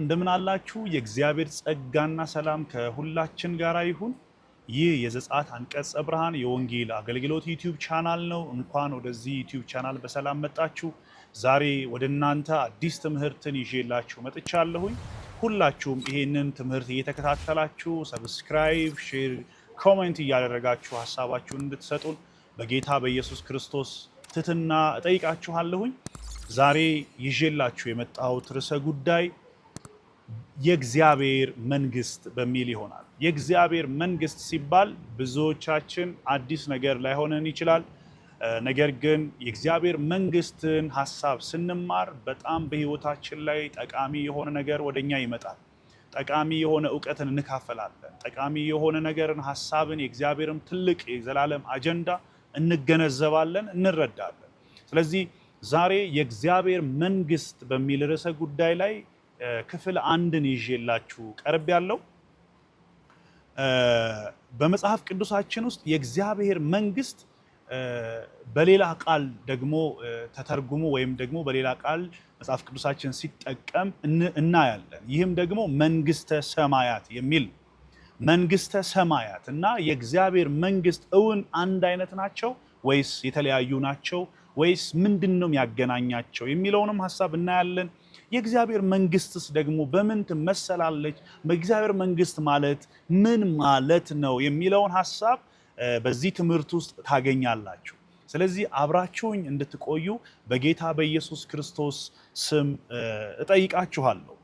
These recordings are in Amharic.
እንደምን አላችሁ? የእግዚአብሔር ጸጋና ሰላም ከሁላችን ጋር ይሁን። ይህ የዘጸአት አንቀጸ ብርሃን የወንጌል አገልግሎት ዩቲዩብ ቻናል ነው። እንኳን ወደዚህ ዩቲዩብ ቻናል በሰላም መጣችሁ። ዛሬ ወደ እናንተ አዲስ ትምህርትን ይዤላችሁ መጥቻለሁኝ። ሁላችሁም ይሄንን ትምህርት እየተከታተላችሁ ሰብስክራይብ፣ ሼር፣ ኮሜንት እያደረጋችሁ ሀሳባችሁን እንድትሰጡን በጌታ በኢየሱስ ክርስቶስ ትትና እጠይቃችኋለሁኝ። ዛሬ ይዤላችሁ የመጣሁት ርዕሰ ጉዳይ የእግዚአብሔር መንግስት በሚል ይሆናል። የእግዚአብሔር መንግስት ሲባል ብዙዎቻችን አዲስ ነገር ላይሆነን ይችላል። ነገር ግን የእግዚአብሔር መንግስትን ሀሳብ ስንማር በጣም በህይወታችን ላይ ጠቃሚ የሆነ ነገር ወደኛ ይመጣል። ጠቃሚ የሆነ እውቀትን እንካፈላለን። ጠቃሚ የሆነ ነገርን፣ ሀሳብን፣ የእግዚአብሔርም ትልቅ የዘላለም አጀንዳ እንገነዘባለን፣ እንረዳለን። ስለዚህ ዛሬ የእግዚአብሔር መንግስት በሚል ርዕሰ ጉዳይ ላይ ክፍል አንድን ይዤላችሁ ቀርብ ያለው በመጽሐፍ ቅዱሳችን ውስጥ የእግዚአብሔር መንግስት በሌላ ቃል ደግሞ ተተርጉሞ ወይም ደግሞ በሌላ ቃል መጽሐፍ ቅዱሳችን ሲጠቀም እናያለን። ይህም ደግሞ መንግስተ ሰማያት የሚል መንግስተ ሰማያት እና የእግዚአብሔር መንግስት እውን አንድ አይነት ናቸው ወይስ የተለያዩ ናቸው ወይስ ምንድን ነው ያገናኛቸው የሚለውንም ሀሳብ እናያለን። የእግዚአብሔር መንግስትስ ደግሞ በምን ትመሰላለች? በእግዚአብሔር መንግስት ማለት ምን ማለት ነው የሚለውን ሀሳብ በዚህ ትምህርት ውስጥ ታገኛላችሁ። ስለዚህ አብራችሁኝ እንድትቆዩ በጌታ በኢየሱስ ክርስቶስ ስም እጠይቃችኋለሁ።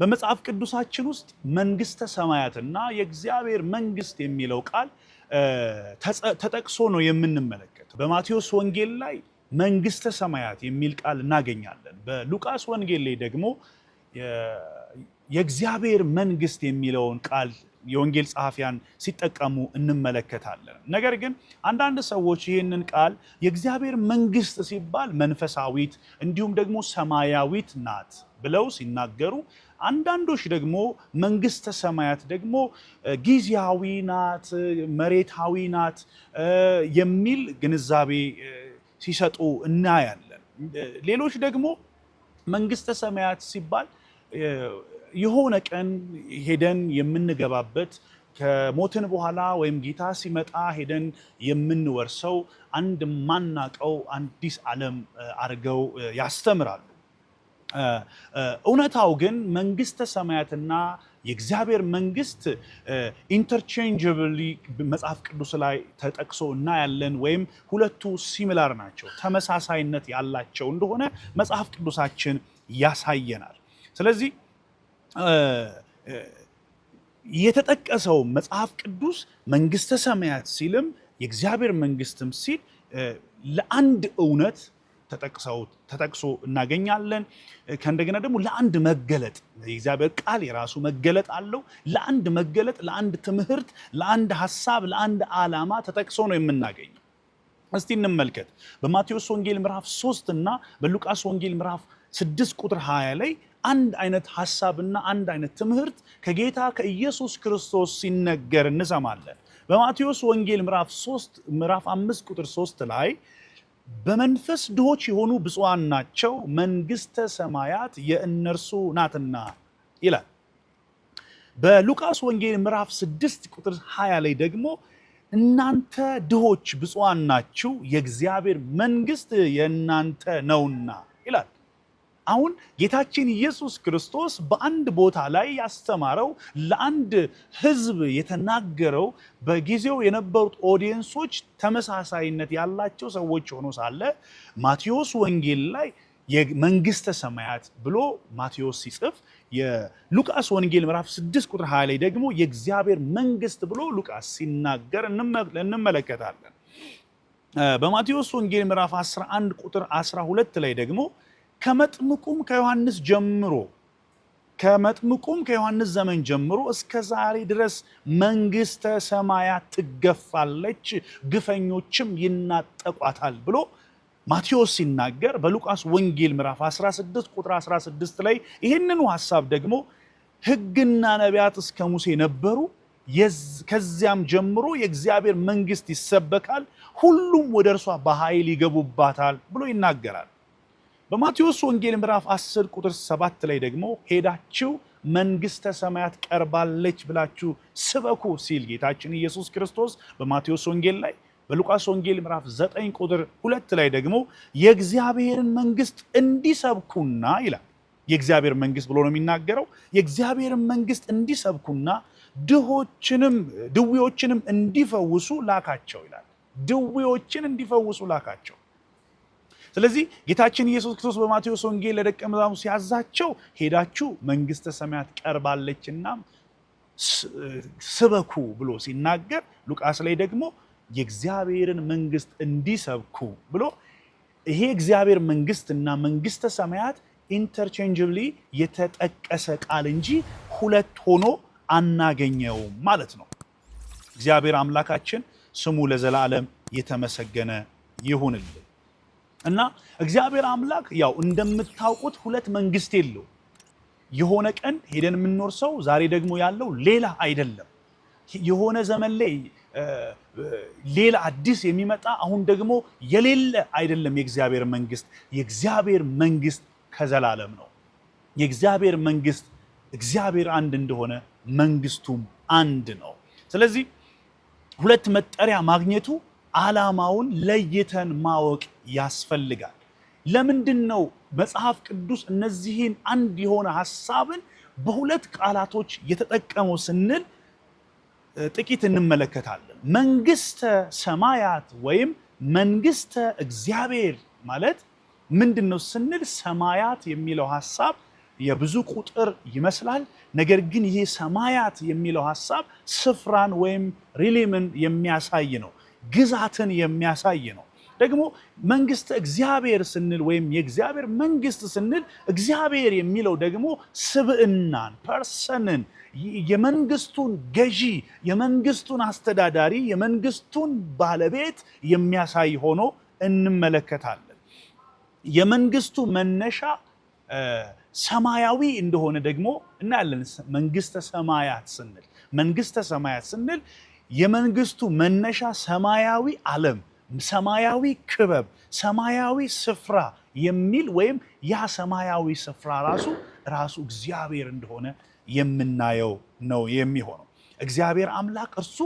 በመጽሐፍ ቅዱሳችን ውስጥ መንግስተ ሰማያትና የእግዚአብሔር መንግስት የሚለው ቃል ተጠቅሶ ነው የምንመለከተው። በማቴዎስ ወንጌል ላይ መንግስተ ሰማያት የሚል ቃል እናገኛለን። በሉቃስ ወንጌል ላይ ደግሞ የእግዚአብሔር መንግስት የሚለውን ቃል የወንጌል ጸሐፊያን ሲጠቀሙ እንመለከታለን። ነገር ግን አንዳንድ ሰዎች ይህንን ቃል የእግዚአብሔር መንግስት ሲባል መንፈሳዊት እንዲሁም ደግሞ ሰማያዊት ናት ብለው ሲናገሩ፣ አንዳንዶች ደግሞ መንግስተ ሰማያት ደግሞ ጊዜያዊ ናት፣ መሬታዊ ናት የሚል ግንዛቤ ሲሰጡ እናያለን። ሌሎች ደግሞ መንግስተ ሰማያት ሲባል የሆነ ቀን ሄደን የምንገባበት ከሞትን በኋላ ወይም ጌታ ሲመጣ ሄደን የምንወርሰው አንድ ማናቀው አዲስ ዓለም አድርገው ያስተምራሉ። እውነታው ግን መንግስተ ሰማያትና የእግዚአብሔር መንግስት ኢንተርቼንጅብሊ መጽሐፍ ቅዱስ ላይ ተጠቅሶ እናያለን። ወይም ሁለቱ ሲሚላር ናቸው፣ ተመሳሳይነት ያላቸው እንደሆነ መጽሐፍ ቅዱሳችን ያሳየናል። ስለዚህ የተጠቀሰው መጽሐፍ ቅዱስ መንግስተ ሰማያት ሲልም የእግዚአብሔር መንግስትም ሲል ለአንድ እውነት ተጠቅሶ እናገኛለን። ከእንደገና ደግሞ ለአንድ መገለጥ የእግዚአብሔር ቃል የራሱ መገለጥ አለው። ለአንድ መገለጥ፣ ለአንድ ትምህርት፣ ለአንድ ሀሳብ፣ ለአንድ አላማ ተጠቅሶ ነው የምናገኘው። እስቲ እንመልከት በማቴዎስ ወንጌል ምዕራፍ 3 እና በሉቃስ ወንጌል ምዕራፍ 6 ቁጥር 20 ላይ አንድ አይነት ሀሳብና አንድ አይነት ትምህርት ከጌታ ከኢየሱስ ክርስቶስ ሲነገር እንሰማለን። በማቴዎስ ወንጌል ምዕራፍ 3 ምዕራፍ 5 ቁጥር 3 ላይ በመንፈስ ድሆች የሆኑ ብፁዓን ናቸው መንግስተ ሰማያት የእነርሱ ናትና ይላል። በሉቃስ ወንጌል ምዕራፍ 6 ቁጥር 20 ላይ ደግሞ እናንተ ድሆች ብፁዓን ናችሁ የእግዚአብሔር መንግስት የእናንተ ነውና ይላል። አሁን ጌታችን ኢየሱስ ክርስቶስ በአንድ ቦታ ላይ ያስተማረው ለአንድ ሕዝብ የተናገረው በጊዜው የነበሩት ኦዲየንሶች ተመሳሳይነት ያላቸው ሰዎች ሆኖ ሳለ ማቴዎስ ወንጌል ላይ የመንግስተ ሰማያት ብሎ ማቴዎስ ሲጽፍ የሉቃስ ወንጌል ምዕራፍ 6 ቁጥር 20 ላይ ደግሞ የእግዚአብሔር መንግስት ብሎ ሉቃስ ሲናገር እንመለከታለን። በማቴዎስ ወንጌል ምዕራፍ 11 ቁጥር 12 ላይ ደግሞ ከመጥምቁም ከዮሐንስ ጀምሮ ከመጥምቁም ከዮሐንስ ዘመን ጀምሮ እስከ ዛሬ ድረስ መንግስተ ሰማያት ትገፋለች፣ ግፈኞችም ይናጠቋታል ብሎ ማቴዎስ ሲናገር በሉቃስ ወንጌል ምዕራፍ 16 ቁጥር 16 ላይ ይህንኑ ሀሳብ ደግሞ ሕግና ነቢያት እስከ ሙሴ ነበሩ፣ ከዚያም ጀምሮ የእግዚአብሔር መንግስት ይሰበካል፣ ሁሉም ወደ እርሷ በኃይል ይገቡባታል ብሎ ይናገራል። በማቴዎስ ወንጌል ምዕራፍ 10 ቁጥር 7 ላይ ደግሞ ሄዳችሁ መንግስተ ሰማያት ቀርባለች ብላችሁ ስበኩ ሲል ጌታችን ኢየሱስ ክርስቶስ በማቴዎስ ወንጌል ላይ በሉቃስ ወንጌል ምዕራፍ 9 ቁጥር 2 ላይ ደግሞ የእግዚአብሔርን መንግስት እንዲሰብኩና ይላል። የእግዚአብሔር መንግስት ብሎ ነው የሚናገረው። የእግዚአብሔርን መንግስት እንዲሰብኩና ድሆችንም ድዌዎችንም እንዲፈውሱ ላካቸው ይላል። ድዌዎችን እንዲፈውሱ ላካቸው ስለዚህ ጌታችን ኢየሱስ ክርስቶስ በማቴዎስ ወንጌል ለደቀ መዛሙርቱ ሲያዛቸው ሄዳችሁ መንግስተ ሰማያት ቀርባለችና ስበኩ ብሎ ሲናገር፣ ሉቃስ ላይ ደግሞ የእግዚአብሔርን መንግስት እንዲሰብኩ ብሎ ይሄ እግዚአብሔር መንግስት እና መንግስተ ሰማያት ኢንተርቼንጅብሊ የተጠቀሰ ቃል እንጂ ሁለት ሆኖ አናገኘውም ማለት ነው። እግዚአብሔር አምላካችን ስሙ ለዘላለም የተመሰገነ ይሁንልን። እና እግዚአብሔር አምላክ ያው እንደምታውቁት ሁለት መንግስት የለው። የሆነ ቀን ሄደን የምንኖር ሰው ዛሬ ደግሞ ያለው ሌላ አይደለም። የሆነ ዘመን ላይ ሌላ አዲስ የሚመጣ አሁን ደግሞ የሌለ አይደለም። የእግዚአብሔር መንግስት የእግዚአብሔር መንግስት ከዘላለም ነው። የእግዚአብሔር መንግስት እግዚአብሔር አንድ እንደሆነ መንግስቱም አንድ ነው። ስለዚህ ሁለት መጠሪያ ማግኘቱ ዓላማውን ለይተን ማወቅ ያስፈልጋል። ለምንድን ነው መጽሐፍ ቅዱስ እነዚህን አንድ የሆነ ሀሳብን በሁለት ቃላቶች የተጠቀመው ስንል ጥቂት እንመለከታለን። መንግስተ ሰማያት ወይም መንግስተ እግዚአብሔር ማለት ምንድን ነው ስንል ሰማያት የሚለው ሀሳብ የብዙ ቁጥር ይመስላል። ነገር ግን ይሄ ሰማያት የሚለው ሀሳብ ስፍራን ወይም ሪሊምን የሚያሳይ ነው። ግዛትን የሚያሳይ ነው። ደግሞ መንግስት እግዚአብሔር ስንል ወይም የእግዚአብሔር መንግስት ስንል እግዚአብሔር የሚለው ደግሞ ስብዕናን፣ ፐርሰንን፣ የመንግስቱን ገዢ፣ የመንግስቱን አስተዳዳሪ፣ የመንግስቱን ባለቤት የሚያሳይ ሆኖ እንመለከታለን። የመንግስቱ መነሻ ሰማያዊ እንደሆነ ደግሞ እናያለን። መንግስተ ሰማያት ስንል መንግስተ ሰማያት ስንል የመንግስቱ መነሻ ሰማያዊ ዓለም፣ ሰማያዊ ክበብ፣ ሰማያዊ ስፍራ የሚል ወይም ያ ሰማያዊ ስፍራ ራሱ ራሱ እግዚአብሔር እንደሆነ የምናየው ነው የሚሆነው። እግዚአብሔር አምላክ እርሱ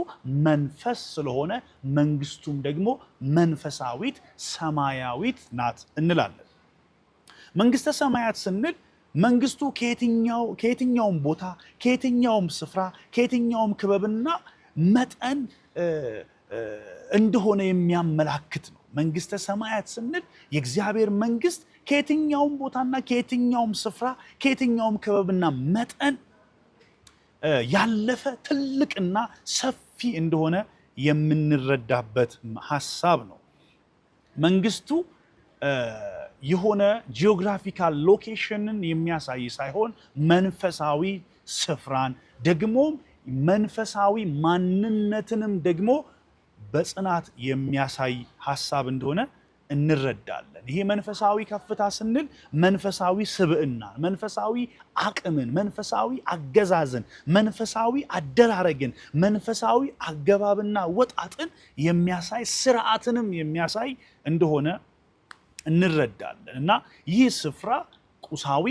መንፈስ ስለሆነ መንግስቱም ደግሞ መንፈሳዊት ሰማያዊት ናት እንላለን። መንግስተ ሰማያት ስንል መንግስቱ ከየትኛውም ቦታ ከየትኛውም ስፍራ ከየትኛውም ክበብና መጠን እንደሆነ የሚያመላክት ነው። መንግስተ ሰማያት ስንል የእግዚአብሔር መንግስት ከየትኛውም ቦታና ከየትኛውም ስፍራ ከየትኛውም ክበብና መጠን ያለፈ ትልቅና ሰፊ እንደሆነ የምንረዳበት ሀሳብ ነው። መንግስቱ የሆነ ጂኦግራፊካል ሎኬሽንን የሚያሳይ ሳይሆን መንፈሳዊ ስፍራን ደግሞም መንፈሳዊ ማንነትንም ደግሞ በጽናት የሚያሳይ ሀሳብ እንደሆነ እንረዳለን። ይሄ መንፈሳዊ ከፍታ ስንል መንፈሳዊ ስብዕናን፣ መንፈሳዊ አቅምን፣ መንፈሳዊ አገዛዝን፣ መንፈሳዊ አደራረግን፣ መንፈሳዊ አገባብና ወጣጥን የሚያሳይ ስርዓትንም የሚያሳይ እንደሆነ እንረዳለን እና ይህ ስፍራ ቁሳዊ፣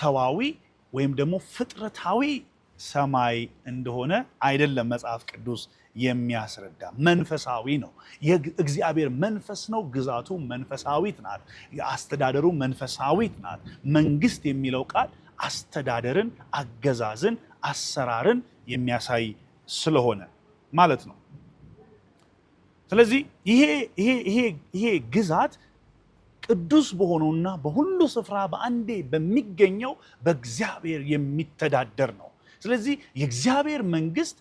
ሰዋዊ ወይም ደግሞ ፍጥረታዊ ሰማይ እንደሆነ አይደለም መጽሐፍ ቅዱስ የሚያስረዳ መንፈሳዊ ነው። እግዚአብሔር መንፈስ ነው። ግዛቱ መንፈሳዊት ናት። አስተዳደሩ መንፈሳዊት ናት። መንግስት የሚለው ቃል አስተዳደርን፣ አገዛዝን፣ አሰራርን የሚያሳይ ስለሆነ ማለት ነው። ስለዚህ ይሄ ግዛት ቅዱስ በሆነውና በሁሉ ስፍራ በአንዴ በሚገኘው በእግዚአብሔር የሚተዳደር ነው። ስለዚህ የእግዚአብሔር መንግስት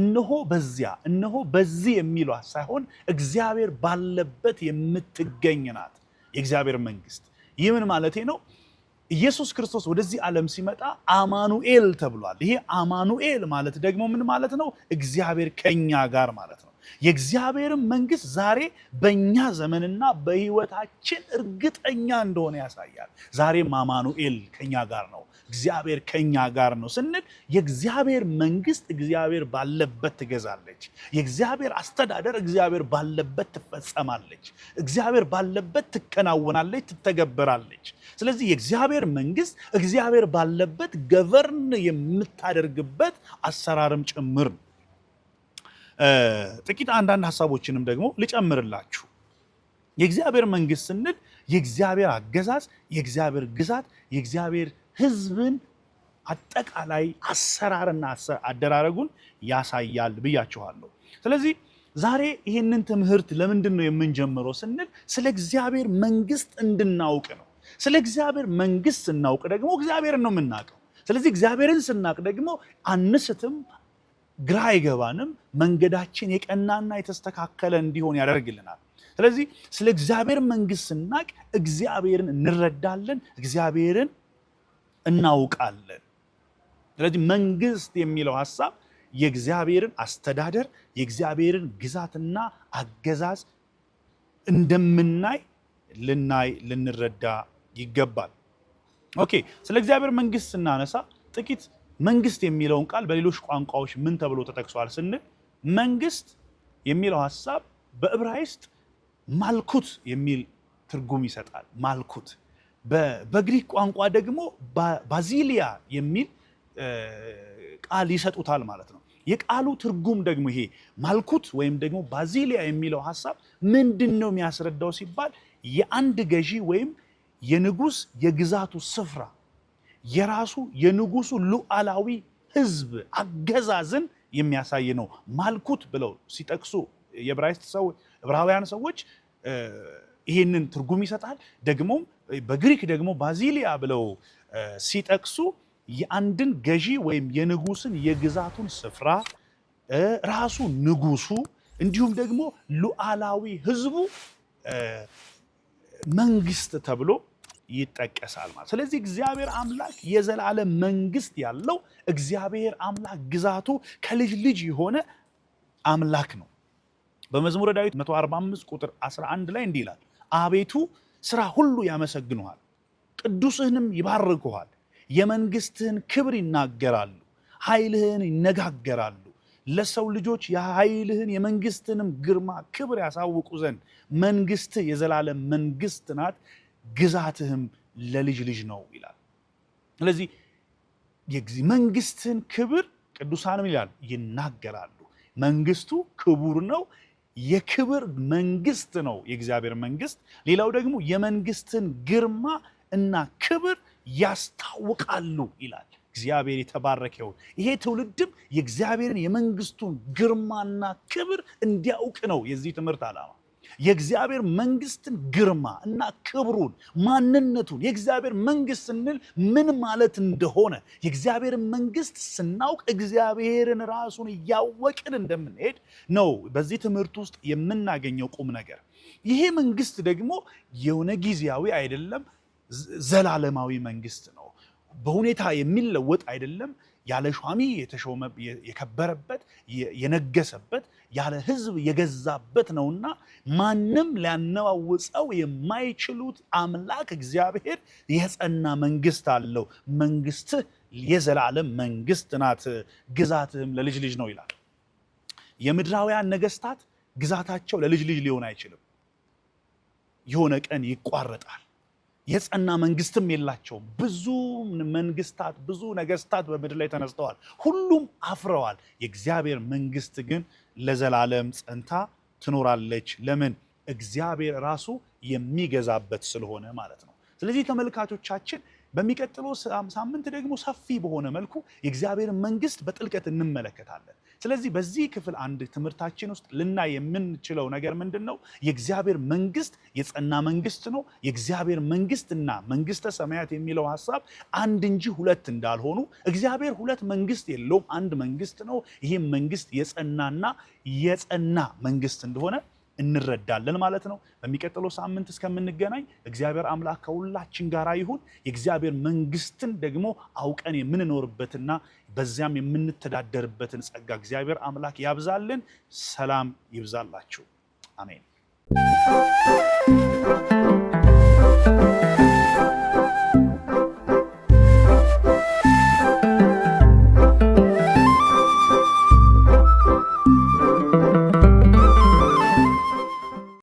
እነሆ በዚያ እነሆ በዚህ የሚሏ ሳይሆን እግዚአብሔር ባለበት የምትገኝ ናት የእግዚአብሔር መንግስት። ይህ ምን ማለቴ ነው? ኢየሱስ ክርስቶስ ወደዚህ ዓለም ሲመጣ አማኑኤል ተብሏል። ይሄ አማኑኤል ማለት ደግሞ ምን ማለት ነው? እግዚአብሔር ከኛ ጋር ማለት ነው። የእግዚአብሔርን መንግስት ዛሬ በእኛ ዘመንና በህይወታችን እርግጠኛ እንደሆነ ያሳያል። ዛሬም አማኑኤል ከኛ ጋር ነው፣ እግዚአብሔር ከኛ ጋር ነው ስንል የእግዚአብሔር መንግስት እግዚአብሔር ባለበት ትገዛለች። የእግዚአብሔር አስተዳደር እግዚአብሔር ባለበት ትፈጸማለች። እግዚአብሔር ባለበት ትከናወናለች፣ ትተገበራለች። ስለዚህ የእግዚአብሔር መንግስት እግዚአብሔር ባለበት ገቨርን የምታደርግበት አሰራርም ጭምር ነው። ጥቂት አንዳንድ ሀሳቦችንም ደግሞ ልጨምርላችሁ። የእግዚአብሔር መንግስት ስንል የእግዚአብሔር አገዛዝ፣ የእግዚአብሔር ግዛት፣ የእግዚአብሔር ህዝብን አጠቃላይ አሰራርና አደራረጉን ያሳያል ብያችኋለሁ። ስለዚህ ዛሬ ይህንን ትምህርት ለምንድን ነው የምንጀምረው ስንል ስለ እግዚአብሔር መንግስት እንድናውቅ ነው። ስለ እግዚአብሔር መንግስት ስናውቅ ደግሞ እግዚአብሔርን ነው የምናውቀው። ስለዚህ እግዚአብሔርን ስናውቅ ደግሞ አንስትም፣ ግራ አይገባንም። መንገዳችን የቀናና የተስተካከለ እንዲሆን ያደርግልናል። ስለዚህ ስለ እግዚአብሔር መንግስት ስናቅ እግዚአብሔርን እንረዳለን፣ እግዚአብሔርን እናውቃለን። ስለዚህ መንግስት የሚለው ሀሳብ የእግዚአብሔርን አስተዳደር የእግዚአብሔርን ግዛትና አገዛዝ እንደምናይ ልናይ ልንረዳ ይገባል። ኦኬ ስለ እግዚአብሔር መንግስት ስናነሳ ጥቂት መንግስት የሚለውን ቃል በሌሎች ቋንቋዎች ምን ተብሎ ተጠቅሷል ስንል መንግስት የሚለው ሀሳብ በዕብራይስጥ ማልኩት የሚል ትርጉም ይሰጣል። ማልኩት በግሪክ ቋንቋ ደግሞ ባዚሊያ የሚል ቃል ይሰጡታል ማለት ነው። የቃሉ ትርጉም ደግሞ ይሄ ማልኩት ወይም ደግሞ ባዚሊያ የሚለው ሀሳብ ምንድን ነው የሚያስረዳው ሲባል የአንድ ገዢ ወይም የንጉስ የግዛቱ ስፍራ የራሱ የንጉሱ ሉዓላዊ ህዝብ አገዛዝን የሚያሳይ ነው። ማልኩት ብለው ሲጠቅሱ የዕብራይስጥ ሰዎች ዕብራውያን ሰዎች ይሄንን ትርጉም ይሰጣል። ደግሞም በግሪክ ደግሞ ባዚሊያ ብለው ሲጠቅሱ የአንድን ገዢ ወይም የንጉስን የግዛቱን ስፍራ ራሱ ንጉሱ እንዲሁም ደግሞ ሉዓላዊ ህዝቡ መንግስት ተብሎ ይጠቀሳል ማለት። ስለዚህ እግዚአብሔር አምላክ የዘላለም መንግስት ያለው እግዚአብሔር አምላክ ግዛቱ ከልጅ ልጅ የሆነ አምላክ ነው። በመዝሙረ ዳዊት 145 ቁጥር 11 ላይ እንዲህ ይላል፣ አቤቱ ስራ ሁሉ ያመሰግኑሃል፣ ቅዱስህንም ይባርኩሃል። የመንግስትህን ክብር ይናገራሉ፣ ኃይልህን ይነጋገራሉ። ለሰው ልጆች የኃይልህን የመንግስትንም ግርማ ክብር ያሳውቁ ዘንድ መንግስትህ የዘላለም መንግስት ናት ግዛትህም ለልጅ ልጅ ነው ይላል። ስለዚህ መንግስትን ክብር ቅዱሳንም ይላል ይናገራሉ። መንግስቱ ክቡር ነው። የክብር መንግስት ነው የእግዚአብሔር መንግስት። ሌላው ደግሞ የመንግስትን ግርማ እና ክብር ያስታውቃሉ ይላል። እግዚአብሔር የተባረከ ይሁን። ይሄ ትውልድም የእግዚአብሔርን የመንግስቱን ግርማና ክብር እንዲያውቅ ነው የዚህ ትምህርት ዓላማ። የእግዚአብሔር መንግስትን ግርማ እና ክብሩን ማንነቱን የእግዚአብሔር መንግስት ስንል ምን ማለት እንደሆነ የእግዚአብሔር መንግስት ስናውቅ እግዚአብሔርን ራሱን እያወቅን እንደምንሄድ ነው በዚህ ትምህርት ውስጥ የምናገኘው ቁም ነገር። ይሄ መንግስት ደግሞ የሆነ ጊዜያዊ አይደለም፣ ዘላለማዊ መንግስት ነው። በሁኔታ የሚለወጥ አይደለም። ያለ ሿሚ የተሾመ የከበረበት የነገሰበት ያለ ህዝብ የገዛበት ነውና ማንም ሊያነዋውፀው የማይችሉት አምላክ እግዚአብሔር የጸና መንግስት አለው። መንግስትህ የዘላለም መንግስት ናት፣ ግዛትህም ለልጅ ልጅ ነው ይላል። የምድራውያን ነገስታት ግዛታቸው ለልጅ ልጅ ሊሆን አይችልም። የሆነ ቀን ይቋረጣል። የጸና መንግስትም የላቸውም። ብዙ መንግስታት፣ ብዙ ነገስታት በምድር ላይ ተነስተዋል። ሁሉም አፍረዋል። የእግዚአብሔር መንግስት ግን ለዘላለም ጸንታ ትኖራለች። ለምን? እግዚአብሔር ራሱ የሚገዛበት ስለሆነ ማለት ነው። ስለዚህ ተመልካቾቻችን በሚቀጥለው ሳምንት ደግሞ ሰፊ በሆነ መልኩ የእግዚአብሔር መንግስት በጥልቀት እንመለከታለን። ስለዚህ በዚህ ክፍል አንድ ትምህርታችን ውስጥ ልናይ የምንችለው ነገር ምንድን ነው? የእግዚአብሔር መንግስት የጸና መንግስት ነው። የእግዚአብሔር መንግስትና መንግስተ ሰማያት የሚለው ሀሳብ አንድ እንጂ ሁለት እንዳልሆኑ፣ እግዚአብሔር ሁለት መንግስት የለውም፣ አንድ መንግስት ነው። ይህም መንግስት የጸናና የጸና መንግስት እንደሆነ እንረዳለን ማለት ነው። በሚቀጥለው ሳምንት እስከምንገናኝ እግዚአብሔር አምላክ ከሁላችን ጋር ይሁን። የእግዚአብሔር መንግስትን ደግሞ አውቀን የምንኖርበትና በዚያም የምንተዳደርበትን ጸጋ እግዚአብሔር አምላክ ያብዛልን። ሰላም ይብዛላችሁ። አሜን።